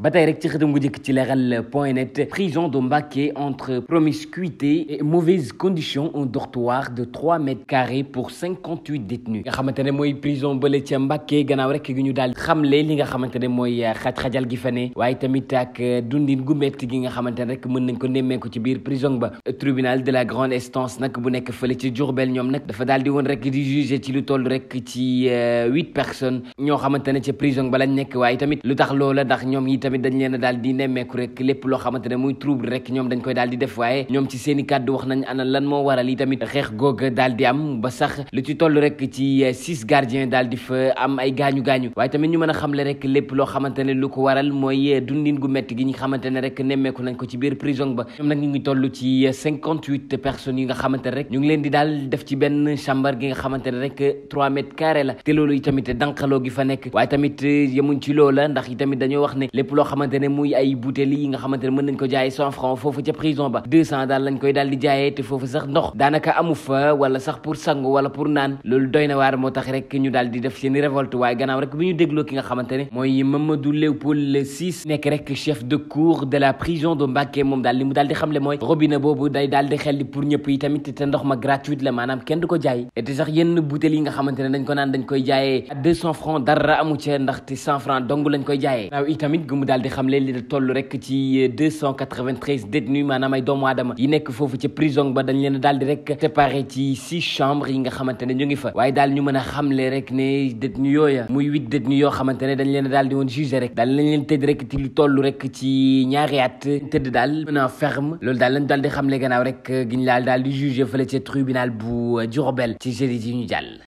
ba tey rek ci xëtam gu njëkk ci leeral point net prison de Mbacké entre promiscuité mauvaise condition un dortoir de mètres carrés pour cinquante nga xamante ne mooy prison bële ca Mbacké gannaaw rek gi ñu li nga xamante ne mooy xaj-xajal gi fa ne waaye tamit ak dundin gu metti gi nga xamante ne rek mën nañ ko nemmeeku ci biir prison ba tribunal de la grande instance nag bu nekk fële ci Diourbel ñoom nag dafa daal di woon rek di jugé ci lu toll rek ci euh, huit personnes ñoo xamante ne ca prison ba lañ nekk waaye tamit lu tamit dañ leen a daal di nemmeeku rek lépp loo xamante muy trouble rek ñoom dañ koy daal def waaye ñoom ci seen i wax nañ ana lan moo waral yi tamit xeex googa daal am ba sax lu ci toll rek ci eh, six gardien daal fa am ay gaañu gaañu waaye tamit ñu mën a xamle rek lépp loo xamante lu ko waral mooy eh, dundin gu métti gi ñu xamante rek nemmeeku nañ ko ci biir prison ba ñoom nag ñu ngi toll ci eh, personnes yi nga xamante rek ñu ngi leen di daal def ci loo xamante ne muy ay bouteille yi nga xamante ne mën nañ ko jaayee cent franc foofu ca prison ba deux cent daal lañ koy daal di jaayee te foofu sax sax pour sangu wala pour naan loolu doy na waar moo la prison de Mbacké moom daal li mu daal di xamle mooy robinet boobu day daal di xel pour sax yenn bouteille yi koy jaayee dara amu ca mu daal di xamle li da toll rek ci 293 détenus maanaam ay doomu aadama yi nekk foofu ca prison ba dañ leen daal di rek séparé ci six chambres yi nga xamante ne ñu ngi fa waaye daal ñu mën a xamle rek ne détenus yooya muy huit détenus yoo xamante ne dañ leen daal di woon jugé rek daal lañ leen tëdd rek ci lu toll rek ci ñaari at tëdd daal mën ferme loolu daal lañ daal di xamle gannaaw rek giñ laal daal di jugé fële ca tribunal bu Diourbel ci jeudi ji ñu jàll